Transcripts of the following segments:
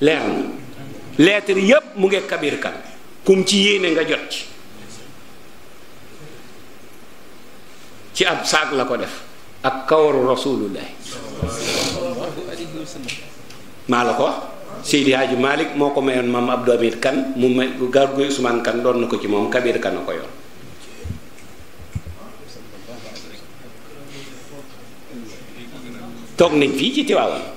leer na lettre yépp mu ngi kabir kan kum ci yéene nga jot ci ci ab saak la ko def ak kawaru rasulullahi maa la ko wax Seydi Hadji Malick moo ko mayoon maam Abdou Hamid Kan mu may Gargoy Ousmane Kan doon na ko ci moom kabir kan a ko yoon toog nañ fii ci Tiwaawan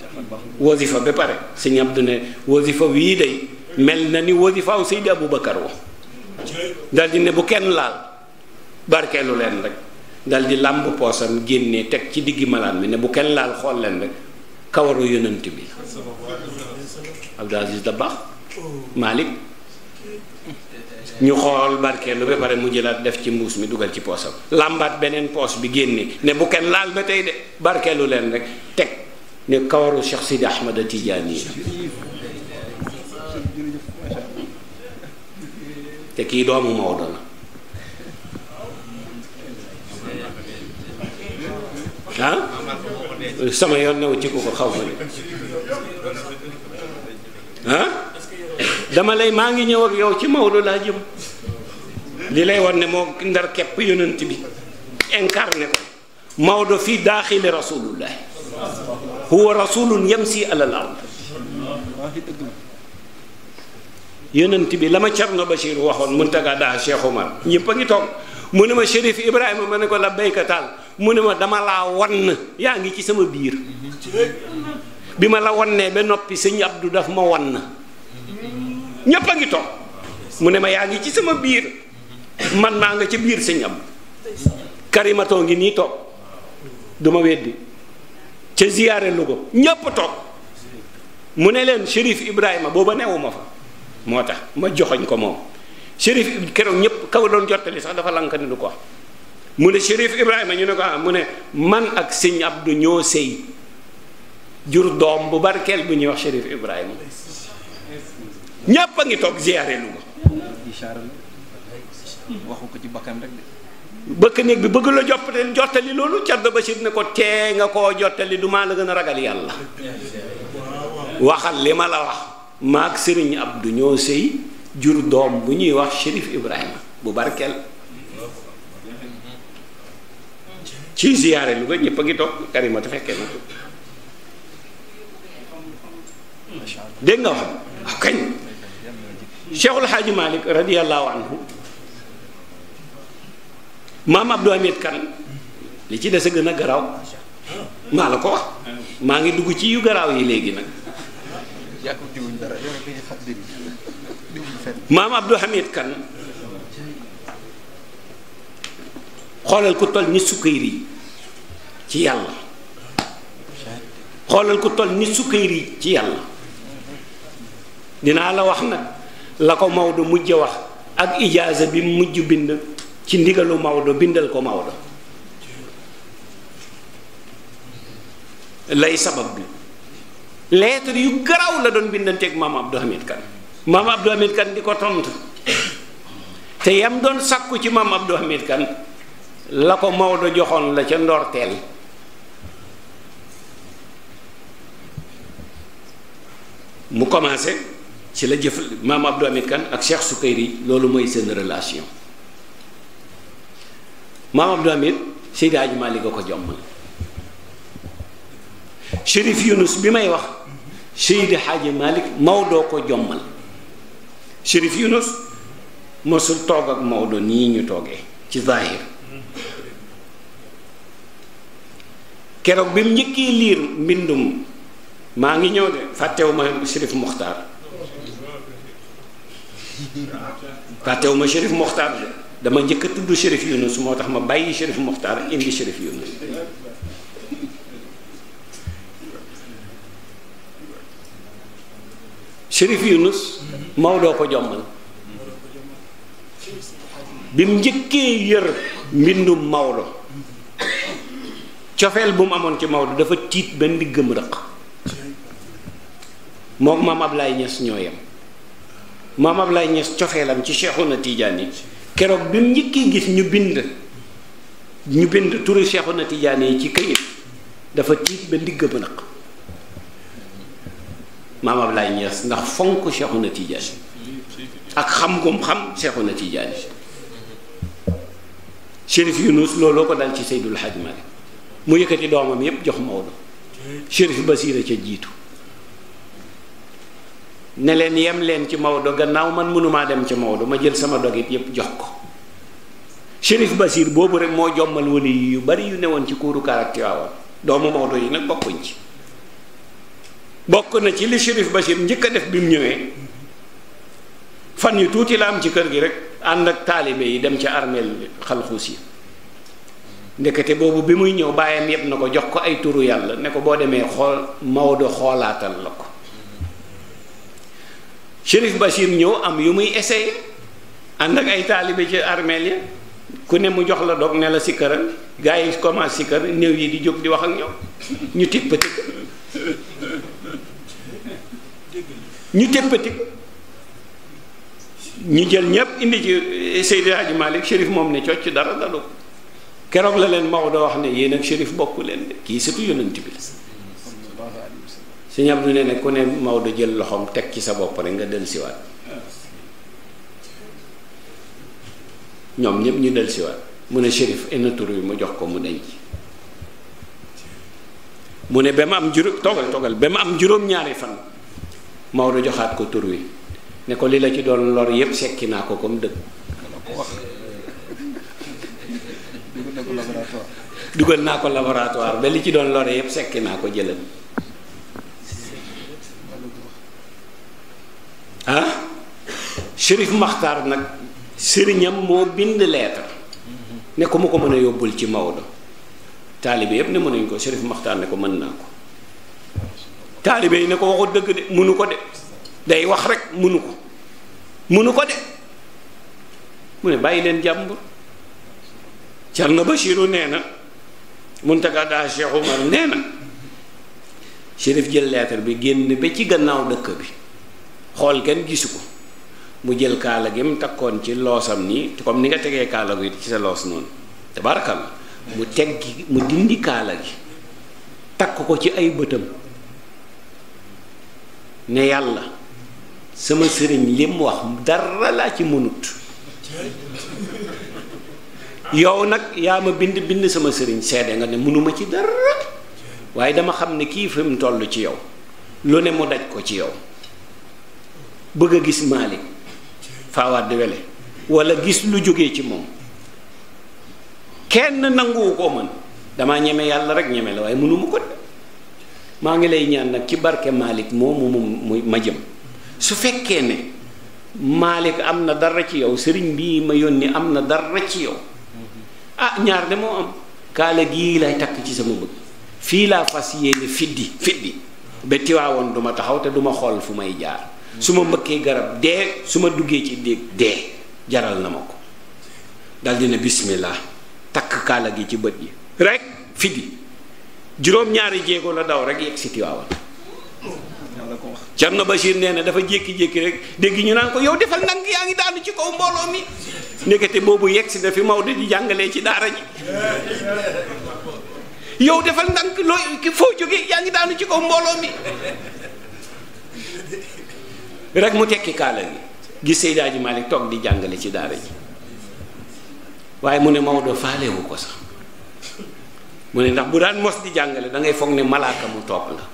wasifa ba pare sëñ Abdu ne wasifa wii day mel na ni wasifaaw Seydi Aboubacar wa dal ne bu kenn laal barkeelu leen rek dal di làmb poosam génnee teg ci diggi malaan bi ne bu kenn laal xool leen rek kawaru yonent bi Abdou Aziz Dabakh Malick ñu xool barkeelu ba pare mu jëlaat def ci mbuus mi dugal ci poosam làmbaat beneen poos bi génne ne bu kenn laal ba tey de barkeelu leen rek teg ne kawaru Cheikh Sidi Ahmed Tidiane te kii doomu Maodo la sama yoon new ci ko ko xaw ma ne ah dama lay maa ngi ñëwal yow ci Maodo laa jëm li lay wan ne moo ndar képp yonent bi incarné ko Maodo fii daaxili rasulullah huwa rasulun yamsi alal ard yonent bi la ma Cerno Bachir waxoon Muntaga daa Cheikh Omar ñëpp a ngi mu ne ma Chérif Ibrahima ma ne ko la béykataal mu ne ma dama laa wann yaa ngi ci sama biir bi ma la wannee ba noppi sëñ Abdou daf ma wann ñëpp a ngi toog mu ne ma yaa ngi ci sama biir man maa nga ca biir sëñ Abdou karimatoo ngi nii toog duma weddi ca lu ko ñépp toog mu ne leen Chérif Ibrahima booba newuma fa moo tax ma joxoñ ko moom Chérif keroog ñépp kaw doon jottali sax dafa lank ni du ko mu ne Chérif Ibrahima ñu ne ko ah mu ne man ak sëñ Abdou ñoo sëy jur doom bu barkeel bu ñuy wax Chérif Ibrahima ñépp a ngi toog ziyaare Louga waxu ko ci bakkan rek bëkk néeg bi bëgg la joppate jottali loolu Cerno Bachir ne ko tee nga koo jottali du maa la gën a ragal yàlla waxal li ma la wax maag sëriñ Abdu ñoo sëy jur doom bu ñuy wax Chérif Ibrahima bu barkeel ci ziyaare lu ko ñëpp a ngi toog karimata fekkee na dégg nga wax kañ Cheikhul Xaaji Malik radiyallahu anhu maam Abdou Hamid Kane li ci des a gën a garaaw maa la ko wax maa ngi dugg ci yu garaaw yi léegi nag maam Abdou Hamid Kane xoolal ku toll ni Sukayri ci yàlla xoolal ku toll ni Sukayri ci yàlla dinaa la wax nag la ko Maodo mujj wax ak ijaaza bi mujj bind ci ndigalu Maodo bindal ko Maodo lay sabab bi lettre yu garaaw la doon bindanteeg maam Abdou Hamid Kane maam Abdou Hamid Kane di ko tontu te yam doon sàkku ci maam Abdou Hamid Kane la ko Maodo joxoon la ca ndorteel mu commencé ci la jëf maam Abdou Hamid Kane ak Cheikh Soukeyri loolu mooy seen relation maam Abdou Hamid Seydi Hadji Malick a ko jommal Chérif Yunus bi may wax Seydi Hadji Malick Maodo ko jommal Chérif Yunus mësul toog ak Maodo nii ñu toogee ci zahir keroog bi mu njëkkee liir mbindum maa ngi ñëw de fàttewuma Chérif Mokhtar fàttewuma Chérif Mokhtar de dama njëkk a tudd Chérif Younous moo tax ma bàyyi Chérif Mokhtar indi Chérif Younous Chérif Younous Maodo ko jommal bi mu njëkkee yër mbindum Maodo cofeel bu mu amoon ci Maodo dafa tiit benn diggam rëq moom maam Ablaye Niass ñoo yem maam Ablaye Niass cofeelam ci Cheikhouna tiijaan yi keroog bi mu njëkkee gis ñu bind ñu bind turu Seexuna Tijaani yi ci këyit dafa tiit ba ndigg ba nag maam Ablaye Niass ndax fonk Seexuna Tijaani ak xam gum xam Seexuna Tijaani Chérif Yunus looloo ko dal ci Seydul Hajj Malick mu yëkkati doomam yépp jox Maodo Chérif Basira ca jiitu ne leen yem leen ci Maodo gannaaw man mënumaa dem ci Maodo ma jël sama dogit yépp jox ko Chérif basiir boobu rek moo jommal wali yu bari yu newoon ci kuuru Tiwaawan doomu Maodo yi nag bokkuñ ci bokk na ci li Chérif Basir njëkk a def bi mu ñëwee fan yu tuuti la am ci kër gi rek ànd ak taalibe yi dem ci armeel Xalxuusi ndekete boobu bi muy ñëw bàyyam yépp na ko jox ko ay turu yàlla ne ko boo demee xool Maodo xoolaatal la ko Chérif Bachir ñëw am yu muy essayé ànd ak ay taalibe ci armeel ya ku ne mu jox la dog ne la sikkaral gars yi commence sikkar néew yi di jóg di wax ak ñoom ñu téppatik ñu téppatik ñu jël ñépp indi ci Seydi Hadji Malick Chérif moom ne cocc dara dalu keroog la leen Maodo wax ne yéen ak Chérif bokku leen kii sëtu yonent bi la sëñ Abdou nee ne ku ne Maodo jël loxoom teg ci sa bopp rek nga dellusiwaat ñoom ñëpp ñu siwaat mu ne shérif enn tur bi mu jox ko mu denc mu ne ba ma am juróom toogal toogal ba mu am juróom-ñaari fan Maodo joxaat ko tur wi ne ko li la ci doon lor yépp sekki naa ko ko comme dëgg dugal naa ko laboratoire ba li ci doon lore yépp sekki naa ko jëlal ah Chérif Makhtar nag sëriñam moo bind lettre ne ko ma ko mën a yóbbul ci Maodo taalibe yépp ne mënuñ ko Chérif Makhtar ne ko mën naa ko taalibe yi ne ko waxu dëgg de mënu ko de day wax rek mënu ko mënu ko de mu ne bàyyi leen jàmbur Cerno Bachiru nee na Muntaga daa Cheikh Umar nee na Chérif jël lettre bi génn ba ci gannaaw dëkk bi xool kenn gisu ko mu jël kaala gi mu takkoon ci loosam nii comme ni nga tegee kaala gi ci sa loos noonu tabarakal mu teg mu dindi kaala gi takk ko ci ay bëtam ne yàlla sama sëriñ li wax dara laa ci mënut yow nag yaa ma bind bind sama sëriñ seede nga ne mënuma ci dara waaye dama xam ne kii fi mu toll ci yow lu ne mu daj ko ci yow bëgg a gis Malick Fawade Wele wala gis lu jógee ci moom kenn nanguwu ko man damaa ñeme yàlla rek ñeme la waaye mënuma ko de maa ngi lay ñaan nag ci barke Malick moomu mu ma jëm su fekkee ne Malick am na dara ci yow sëriñ bii ma yónni am na dara ci yow ah ñaar de moo am kaala gii lay takk ci sama bëgg fii laa fas yéene fiddi fiddi ba duma taxaw te duma xool fu may jaar su ma mbëkkee garab dee su ma duggee ci déeg dee jaral na ma ko daldi ne bismillah takk kaala gi ci bët yi rek fidi juróom-ñaari jéego la daw rek yegg si Tiwaawan Cerno Bachir nee na dafa jékki-jékki rek dégg ñu naan ko yow defal nang yaa ngi daanu ci kaw mbooloo mi ndekete boobu yegg si na fi Maodo di jàngalee ci daara ji yow defal nang loo foo jógee yaa ngi daanu ci kaw mbooloo mi rek mu tekki kaala gi gis Seydi Hadji Malick toog di jàngale ci daara ji waaye mu ne Maodo faalewu ko sax mu ne ndax bu daan mos di jàngale da ngay foog ne malaaka mu toog la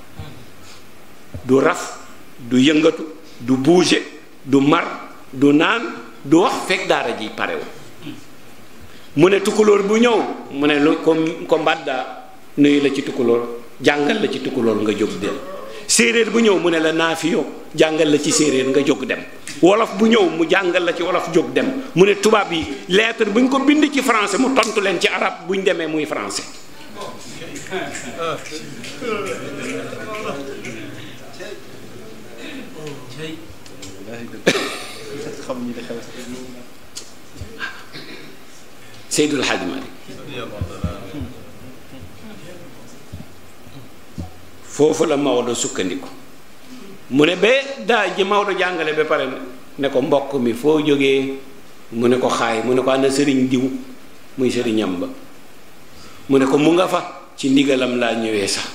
du raf du yëngatu du bouger du mar du naan du wax fekk daara ji parewu mu ne tukulóor bu ñëw mu ne lu ko ko mbàddaa nuyu la ci tukulóor jàngal la ci tukulóor nga jóg del séeréer bu ñëw mu ne la naafiyo jàngal la ci séeréer nga jóg dem wolof bu ñëw mu jàngal la ci wolof jóg dem mu ne tubaab yi lettre buñ ko bind ci français mu tontu leen ci arab bu demee muy français Seydul Hadj Malick foofu la Maodo sukkandiku mu ne ba daa ji Maodo jàngale ba pare ne ko mbokk mi foo jógee mu ne ko xaay mu ne ko ana sëriñ diw muy sëriñam ba mu ne ko mu nga fa ci ndigalam laa ñëwee sax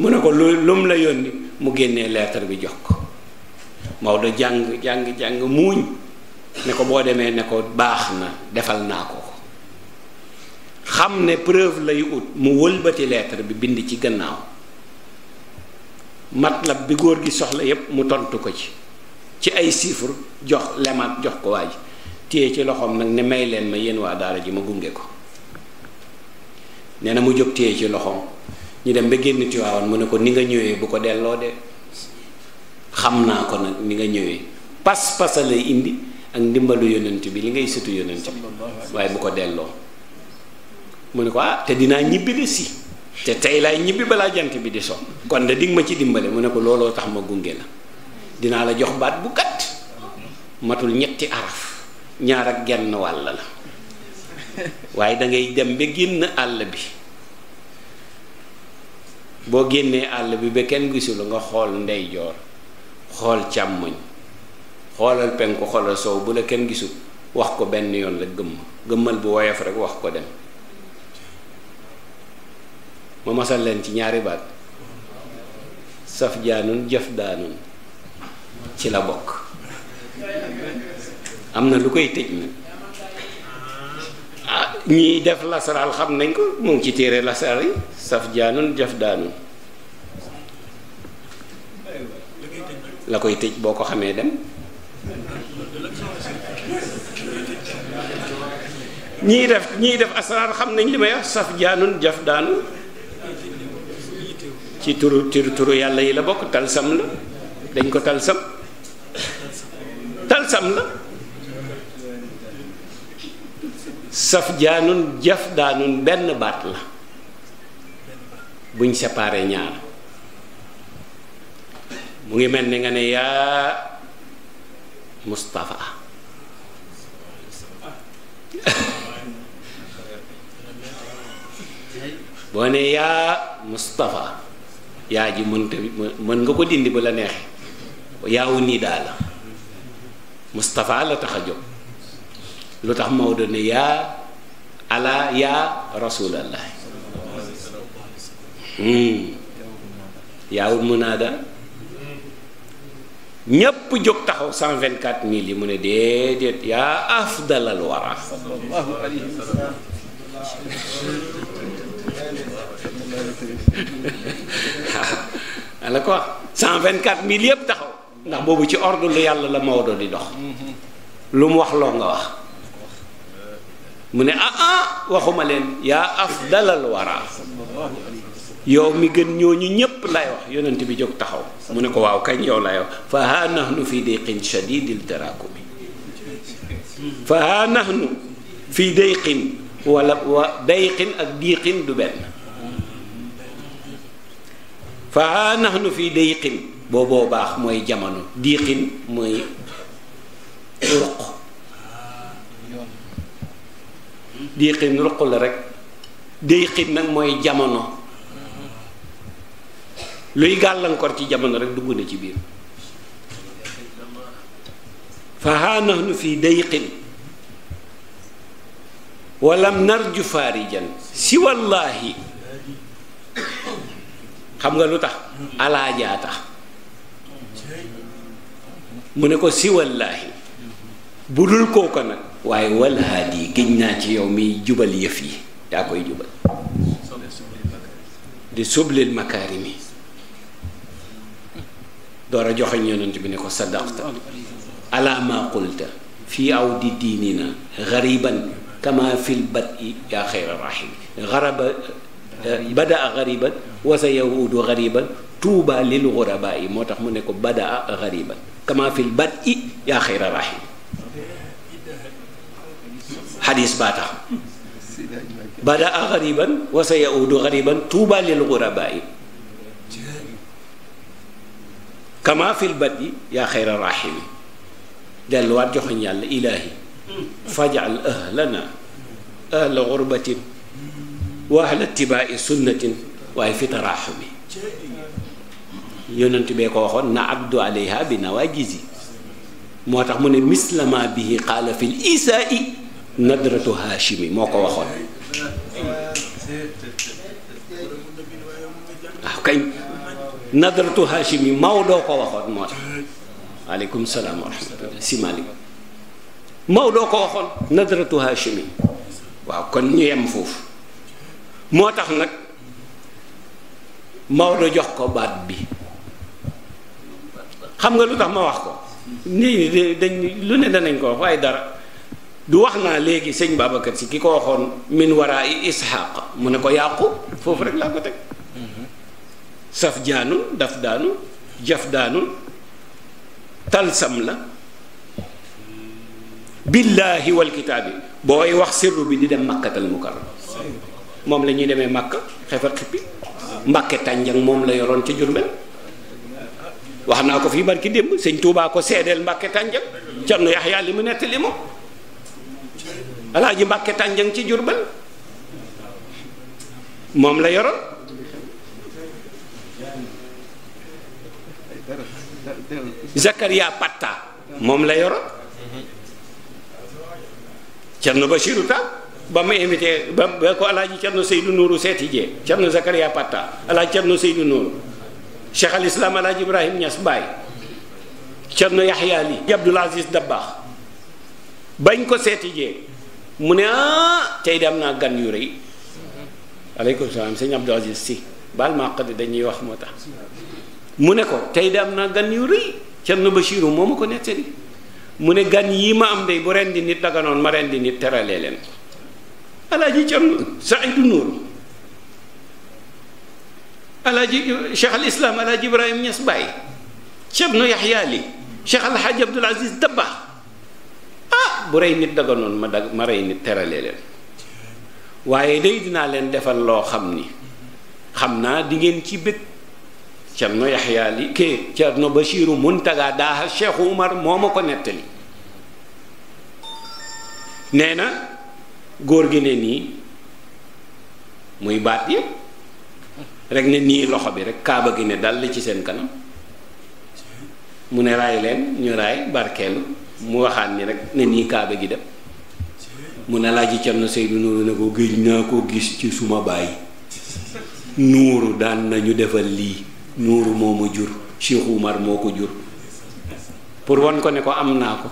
mu ne ko lu lum la yónni mu génnee lettre bi jox ko Maodo jàng jàng jàng muuñ ne ko boo demee ne ko baax na defal naa ko xam ne preuve lay ut mu wëlbati lettre bi bind ci gannaaw matlab bi góor gi soxla yépp mu tontu ko ci ci ay chiffre jox lemaat jox ko waa ji ci loxoom nag ne may leen ma yéen waa daara ji ma gunge ko nee na mu jóg téye ci loxoom ñu dem ba génn Tiwaawan mu ne ko ni nga ñëwee bu ko delloo de xam naa ko nag ni nga ñëwee pas-pas lay indi ak ndimbalu yonent bi li ngay sëtu yonent bi waaye bu ko delloo mu ne ko ah te dinaa ñibbi de si te tey laay ñibbi balaa jant bi di so kon de dig ma ci dimbale mu ne ko looloo tax ma gunge la dinaa la jox baat bu gàtt matul ñetti araf ñaar ak genn wàll la waaye da ngay dem ba génn àll bi boo génnee àll bi ba kenn gisul nga xool ndeyjoor xool càmmoñ xoolal penku xoolal sow bu la kenn gisul wax ko benn yoon la gëmm gëmmal bu woyof rek wax ko dem ma masal leen ci ñaari baat saf jaanun jëf daanun ci la bokk am na lu koy tëj nag ah ñiy def lasaraal xam nañ ko mu ngi ci téere lasaraal yi saf jaanun jëf daanun la koy tëj boo ko xamee dem ñiy def ñiy def asaraar xam nañ li may saf jaanun jëf daanun ci turu turu turu yàlla yi la bokk talsam la dañ ko talsam talsam la saf jaanun jaf daanun benn baat la buñ séparé ñaar mu ngi mel ni nga ne yaa Mustafa boo ne yaa Mustafa yaa ji mën mën nga ko dindi bu la neexee yaawu nii daa la Moustapha la tax a jóg lu tax moo Maodo ne yaa ala yaa rasulallah hmm. yaawul munaada ñépp jóg taxaw cent vingt quatre mille yi mu ne déedéet yaa afdalal wara waaw la ko wax 124000 yëpp taxaw ndax boobu ci ordre lu yàlla la Maodo di dox lu mu wax loo nga wax mu ne ah ah waxuma leen yaa afdalal wara yow mi gën ñooñu ñépp lay wax yonent bi jóg taxaw mu ne ko waaw kañ yow lay wax fa haa nahnu fi dayqin shadidil tarakumi fa haa nahnu fi dayqin wala wa dayqin ak diiqin du benn fa nu fii dayqin booboo baax mooy jamono diiqin mooy ruq diiqin ruq la rek dayqin nag mooy jamono luy gàllankoor ci jamono rek dugg na ci biir fa nahnu fii dayqin walam narju faarijan si wallaahi xam nga lu tax alaajaa tax mu ne ko si wallaahi bu dul kooka nag waaye walhaad yi géñ naa ci yow mi jubal yëf yi yaa koy jubal di sublil makaarimi door a joxoñ yonent bi ne ko sadaqta ala ma qulta fii aw di diinina gariban kama fil bat i yaa xayra rahim garaba Eh, badaa xariban wa sa yahuudu xariban tuuba lil xurabaa yi moo tax mu ne ko badaa xariban kama fil bat i yaa xayra rahim xadis baa tax badaa xariban wa sa yahuudu xariban tuuba lil xurabaa yi kama fil bat i yaa xayra rahim delluwaat joxoñ yàlla ilaahi fajal ahlana ahla xurbatin wa ahla tibaa'i sunnatin waaye fi taraaxumi yonent bee ko waxoon na abdu aleyha bi nawaajizi moo tax mu ne mislama bihi qaala fil isaai nadratu haashimi moo ko waxoon waaw kañ nadratu haashimi Maodo ko waxoon moo tax aleykum salaam wa rahmatullah si Malik Maodo ko waxoon nadratu haashimi waaw kon ñu yem foofu moo tax nag Maodo jox ko baat bi xam nga lu tax ma wax ko nii lu ne danañ ko wax waaye dara du wax naa léegi sëñ Babacar si ki ko waxoon min waraa i Ishaq mu ne ko yàqu foofu rek laa ko teg saf jaanul daf daanu jaf daanul talsam la billaahi walkitaabi booy wax sirru bi di dem makkatal mukarram moom la ñuy demee màkk xefar xippi mbàkke tànjang moom la yoroon ca Jurbel wax naa ko fii barki démb sëñ Tuubaa ko seedeel mbàkke tànjang Cerno Yaxya li mu nettali moom alaaji mbàkke tànjang ci Jurbel moom la yoroon Zakaria Patta moom la yoroon Cerno Bashiru Taal ba mu invité ba ba ko alaaji Cerno Seydou Nourou seeti jee Cerno Zakaria Patta alaaji Cerno Seydou Nourou Cheikh al Islam alaaji Ibrahim Niass Baye Cerno Yahya Ali Abdoul Aziz Dabakh bañ ko seeti jee mu ne ah tey de am naa gan yu rëy aleykum salaam sëñ si baal maa xadi dañuy wax moo tax mu ne ko tey de am naa gan yu rëy Cerno Bachiru moo ma ko nettali mu ne gan yii ma am day bu rendi nit daganoon ma rendi nit teralee leen alaaji Cerno Saidu Nuuru alaaji Cheikh al Islam alaaji Dabba ah bu rey nit daganoon ma dag rey nit terale leen waaye day dinaa leen defal loo xam ni xam naa di ngeen ci bëgg Cerno Yaxya Li ke Cerno Bashiru Muntaga daaxa Cheikh Umar moo ma ko nettali nee na góor gi ne nii muy baat yi rek ne nii loxo bi rek kaaba gi ne dal ci seen kanam mu ne raay leen ñu raay barkeelu mu waxaat ni rek ne nii kaaba gi dem mu ne laaj cam na Seydou Nourou ne ko géej naa ko gis ci suma baay nuuru daan ñu defal lii nuuru moo ma jur Cheikh Oumar moo ko jur pour wan ko ne ko am naa ko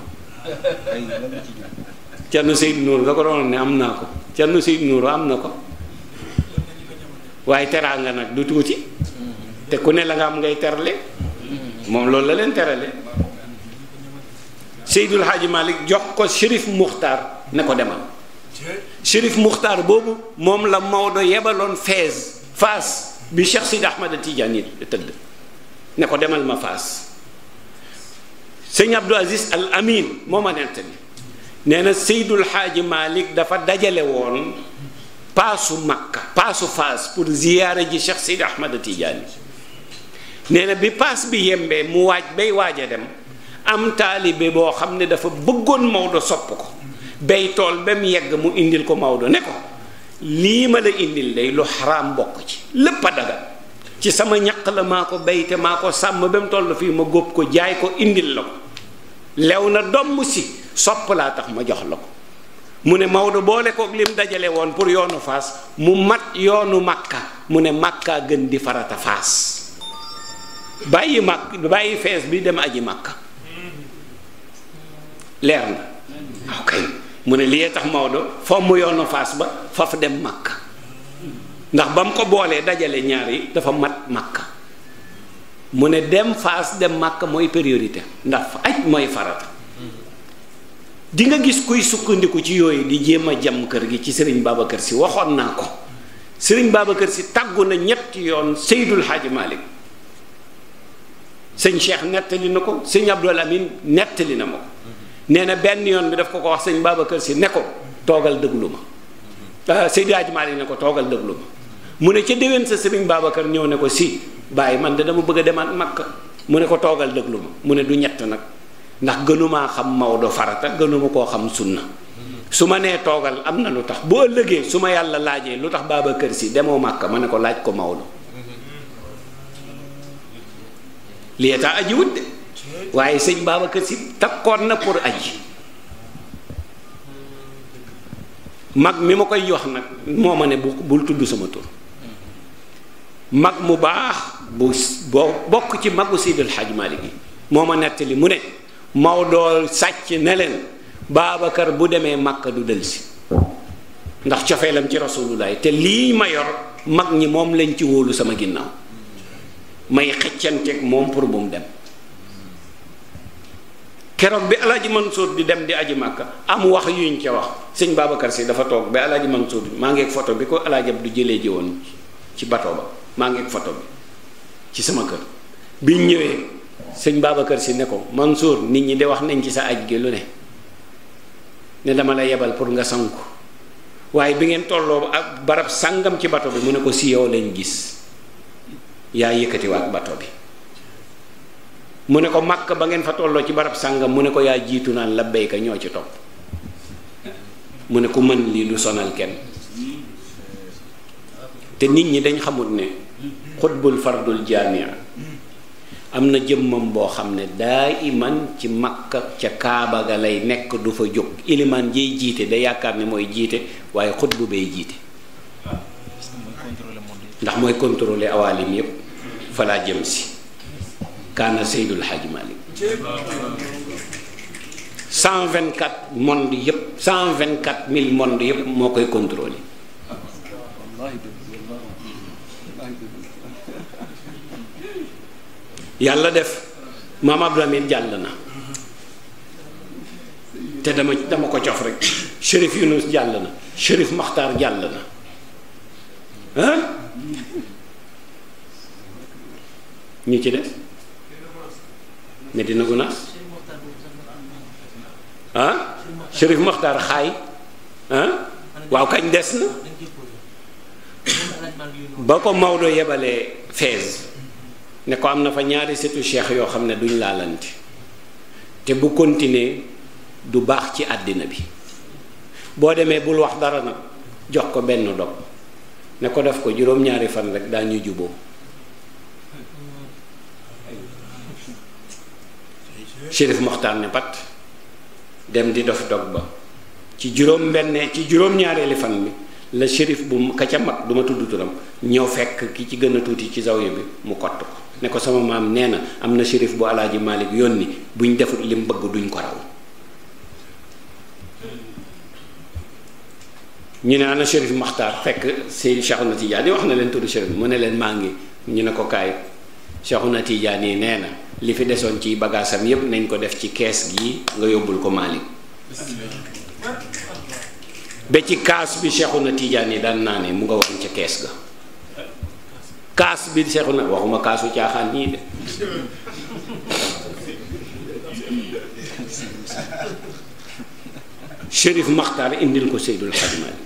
Cerno Seydou Nour da ko doon ne am naa ko Cerno Seydou Nour am na ko waaye teraanga nag du tuuti te ku ne la nga am ngay terale moom loolu la leen terale Seydul Haaji Malick jox ko Chérif Muxtaar ne ko demal Chérif Muxtaar boobu moom la Maodo yebaloon Fès Faas bi Cheikh Sidi Ahmad Tidiane tëdd ne ko demal ma Faas sëñ Abdou Aziz Al Amin moo ma nettali nee na Seydul Xaaji Malik dafa dajale woon paasu Makka paasu Faas pour ziyaare ji Cheikh Seydi Ahmad Tijaani nee na bi paas bi yembee mu waaj bay waaj a dem am taalibe boo xam ne dafa bëggoon Maodo sopp ko bay tool ba mu yegg mu indil ko Maodo ne ko lii ma la indil day lu xaraam bokk ci lépp a ci sama ñaq la maa ko bay te maa ko sàmm ba mu toll fii ma góob ko jaay ko indil la ko lew na domm si sopp laa tax ma jox la ko mu ne Maodo boole kook lim dajale woon pour yoonu faas mu mat yoonu makka mu ne makka gën di farata faas bàyyi makk bàyyi fees bi dem aji makka leer na ok mu ne lii tax Maodo fomm yoonu faas ba faf dem makka ndax ba ko boolee dajale ñaar dafa mat makka mu ne dem faas dem makka mooy priorité ndax aj mooy farata di nga gis kuy sukkandiku ci yooyu di jéem a jam kër gi ci sëriñ Babacar si waxoon naa ko sëriñ Babacar si tàggu na ñetti yoon Seydul Hadji Malick sëñ Cheikh nettali na ko sëñ Abdoul Amin nettali na ma ko nee na benn yoon bi daf ko ko wax sëñ Babacar si ne ko toogal dëglu ma ah, Seydul Hadji Malick ne ko toogal dëglu ma mu ne ca déwén sa sëriñ Babacar ñëw ne ko si bàyyi man de dama bëgg a demal Makka mu ne ko toogal dëglu ma mu ne du ñett nag ndax gënumaa xam Maodo farata gënuma koo xam sunna su ma nee toogal am na lu tax bu ëllëgee su ma yàlla laajee lu tax Babacar Sy demoo Màkka ma ne ko laaj ko Maodo li tax aji wut de waaye sëñ Babacar Sy takkoon na pour aji mag mi ma koy jox nag moo ma ne bu bul tudd sama tur mag mu baax bu boo bokk ci magu Seydil Hadj Malick gi moo ma nettali mu ne Maodo sàcc ne leen Babacar bu demee Makka du dellusi ndax cofeelam ci rasulullah te lii ma yor mag ñi moom lañ ci wóolu sama ginnaaw may xëccanteeg moom pour bu mu dem keroog bi man Mansour di dem di aji màkk am wax yuñ ca wax sëñ Babacar si dafa toog ba alaaji Mansour maa ngeeg foto bi ko alaaji Abdu jëlee ji woon ci bato ba maa ngeeg photo bi ci sama kër biñ ñëwee sëñ kër si ne ko Mansour nit ñi de wax nañ ci sa aj gi lu ne ne dama la yebal pour nga sanku waaye bi ngeen tolloo ak barab sàngam ci bato bi mu ne ko si yow lañ gis yaa yëkkatiwaat bato bi mu ne ko màkk ba ngeen fa tolloo ci barab sàngam mu ne ko yaa jiitu naan la béyka ñoo ci topp mu ne ko mën lii du sonal kenn te nit ñi dañ xamut ne xutbul fardul jaamia am na jëmmam boo xam ne daa iman ci makka ca kaaba ga lay nekk du fa jóg ilimaan jiy jiite da yaakaar ni mooy jiite waaye xutbu bay jiite ndax mooy contrôler awaalim yépp fa laa jëm si kaana seydul xaaji malik 124 monde yépp 124 000 monde yépp moo koy contrôler yàlla def maam Abdou Lamine jàll na te dama dama ko cof rek Chérif Yunus jàll na Chérif Makhtar jàll na ah ñu ci def Medina Gounass ah Chérif Makhtar xaay ah waaw kañ des na ba ko Maodo yebalee Fès ne ko am na fa ñaari setu cheikh yoo xam ne duñ laalante te bu continuer du baax ci àddina bi boo demee bul wax dara nag jox ko benn dog ne ko def ko juróom-ñaari fan rek daañu juboo Chérif Mokhtar ne pat dem di dof dog ba ci juróom benn ci juróom-ñaareeli fan bi la shérif bu ka ca mag du ma tudd turam ñëw fekk ki ci gën a tuuti ci zawye bi mu kott ko ne ko sama maam nee na am na shérif bu alaaji Malik yónni buñ defut li mu bëgg duñ ko raw ñu ne ana shérif Maxtaar fekk na Cheikhuna Tidiane wax na leen tudd shérif mu ne leen maa ngi ñu ne ko kaay Cheikhuna Tidiane yi nee na li fi desoon ci bagaasam yépp nañ ko def ci kees gi nga yóbbul ko Malik ba ci kaas bi Seexuna Tijaan yi daan naa ne mu nga woon ca kees ga kaas bi Seexuna waxuma kaasu caaxaan ñii de Chérif Maxtaar indil ko Seydul Xadimaani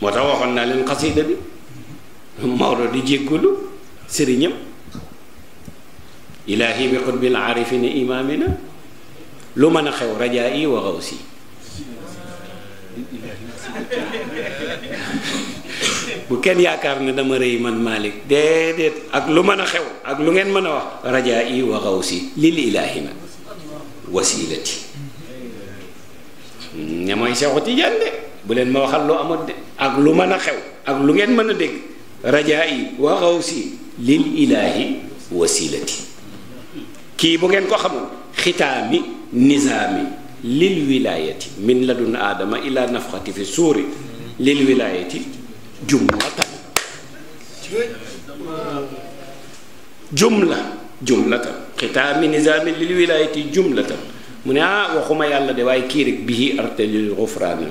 moo tax waxoon naa leen xasida bi Maodo di jéggalu sëriñam ilaahi bi xutbil aarifina imaamina lu mën a xew rajaa yi wa xawsi bu kenn yaakaar ne dama rëy man Malick déedéet ak lu mën a xew ak lu ngeen mën a wax rajaa yi wa xawsi lil ilaahi nag wasilati ne mooy Seexu Tijaan de bu ma waxal lu amut de ak lu mën a xew ak lu ngeen mën a dégg rajaa yi wa xawsi lil ilaahi wasilati kii bu ngeen ko xamul xitaami nizaami lil wilaayati min ladun aadama ila nafxati fi suuri lil wilaayati jumlatan jumla jumlatan xitaami nizaami lil wilaayati jumlatan mu ne ah waxuma yàlla de waaye kii rek bihi artelil xufraani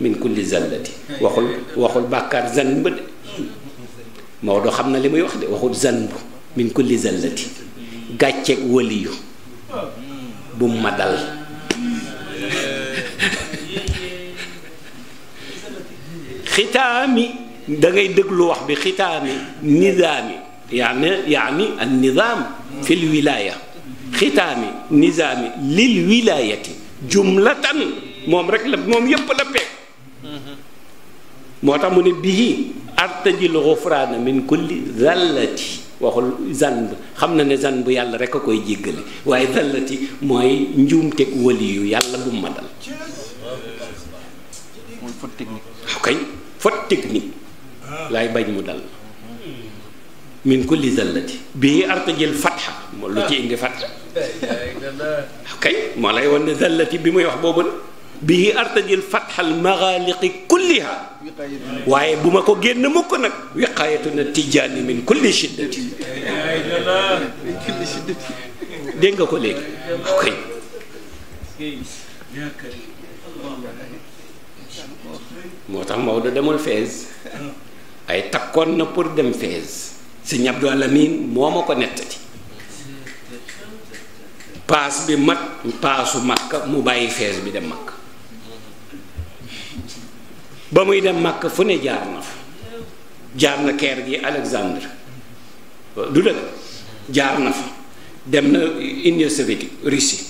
min kulli zallati waxul waxul bàkkaar zanb de Maodo xam na li muy wax de waxul zanb min kulli zallati gàcceeg waliyu bu ma dal xitaami da ngay déglu wax bi xitaami nizaami yaani yaani al nizaam fi l wilaaya xitaami nizaami lil wilaayati jumlatan moom rek la moom yépp la peeg moo tax mu ne bihi artajil xufraana min kulli zallati waxul zan bu xam na ne zan bu yàlla rek a koy jéggale waaye zallati mooy njuumteg waliyu yàlla bu ma dal mooy faute laay bañ mu dal min kulli zallati bii arta jël fatxa moo lu ci indi fatxa kay moo lay wan zallati bi muy wax boobu na bii arta jël fatxal kulliha waaye bu ma ko génn mukk nag wiqaayatuna tijaani min kulli shiddati dégg nga ko léegi moo tax Maodo demul Fès ay takkoon na pour dem Fès sëñ Abdou Alamine moo ma ko nettati paas bi mat paasu Makka mu bàyyi Fès bi dem Makka ba muy dem màkk fu ne jaar na fa jaar na keer gi Alexandre du dëgg jaar na fa dem na Union soviétique Russie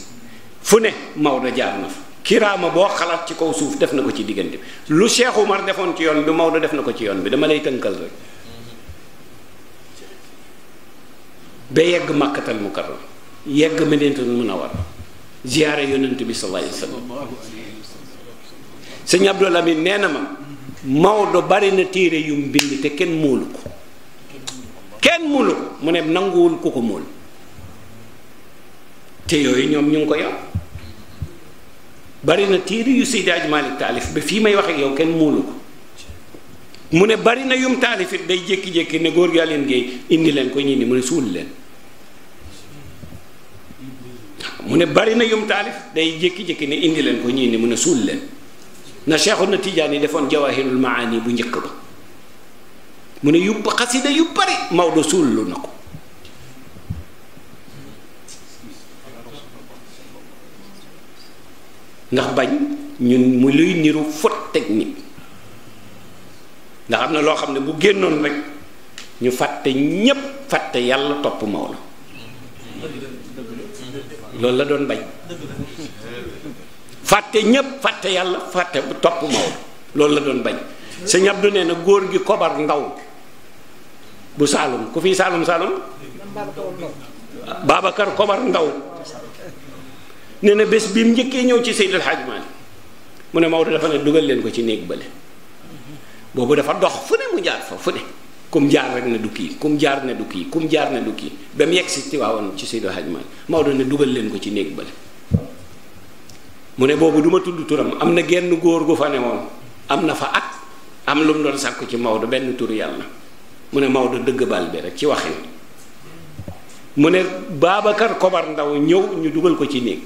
fu ne Maodo jaar na fa kiraama boo xalaat ci kaw suuf def na ko ci diggante bi lu Cheikh Umar defoon ci yoon bi Maodo def na ko ci yoon bi dama lay tënkal rek ba yegg Makkatal Mukarram yegg Madinatul Munawwara ziyaare yonent bi sallallahu alayhi wa sallam sëñ Abdou Lamine nee na ma Maodo bari na téere yu mu bind te kenn muulu ko kenn muulu ko mu ne nanguwul ku ko muul te yooyu ñoom ñu ngi ko yor bari na téere yu Seydi Aj Malik fii may wax ak kenn muulu mu ne bari na yum taalif day jékki-jékki ne góor gi Alioune indi leen ko ñii ni mu ne suul leen mu ne bari na yum taalif day jékki-jékki ne indi leen ko ñii ni mu ne suul leen. na Cheikhu na tiijaan yi defoon jawahirul maani bu njëkk ba mu ne yu xasida yu bari Maodo suullu na ko ndax bañ ñun mu luy niru faute technique ndax am na loo xam ne bu génnoon rek ñu fàtte ñépp fàtte yàlla topp Maodo loolu la doon bañ fàtte ñépp fàtte yàlla fàtte bu topp Maodo loolu la doon bañ sëñ Abdou nee na góor gi kobar ndaw bu Saalum ku fi Saalum Saalum Babacar kobar ndaw nee na bés bii mu njëkkee ñëw ci Seydil Hadj Malick mu ne Maodo dafa ne dugal leen ko ci néeg bële boobu dafa dox fu ne mu jaar fa fu ne kum jaar rek ne du kii kum jaar ne du kii kum jaar ne dukki kii ba mu yegg si ci Seydil Hadj Malick Maodo ne dugal leen ko ci néeg bële mu ne boobu duma tudd turam am na genn góor gu fa ne woon am na fa at am lu mu doon sàkku ci Maodo benn tur yàlla mu ne Maodo dëgg bal bi rek ci waxin mu ne baabakar Kobar Ndaw ñëw ñu dugal ko ci néeg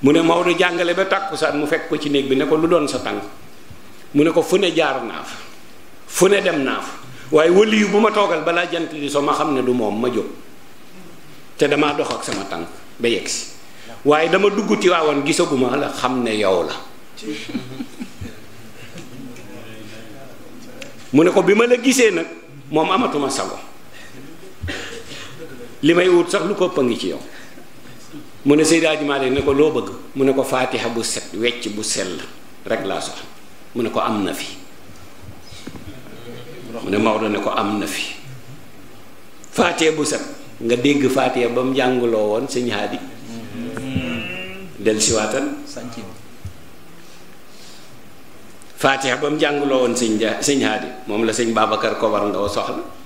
mu ne Maodo jàngale ba tàkkusaan mu fekk ko ci néeg bi ne ko lu doon sa tànk mu ne ko fu ne jaar naa fa fu ne dem naa fa waaye wëli bu ma toogal balaa jant di so ma xam ne du moom ma jóg te damaa dox ak sama tànk ba yegg si waaye dama dugg Tiwaawan gisaguma la xam ne yow la mu ne ko bi ma la gisee nag moom amatuma sago li may wut sax lu ko ngi ci yow mu ne Seydi Hadji Malick ne ko loo bëgg mu ne ko faatiha bu set wecc bu sell rek laa soxla mu ne ko am na fi mu ne Maodo ne ko am na fi faatiha bu set nga dégg faatiha ba mu jànguloo woon sëñ Haadi del siwaatal faatiha ba mu jànguloo woon sëñ ja sëñ haadi moom la sëñ Babacar Kobar Ndaw soxla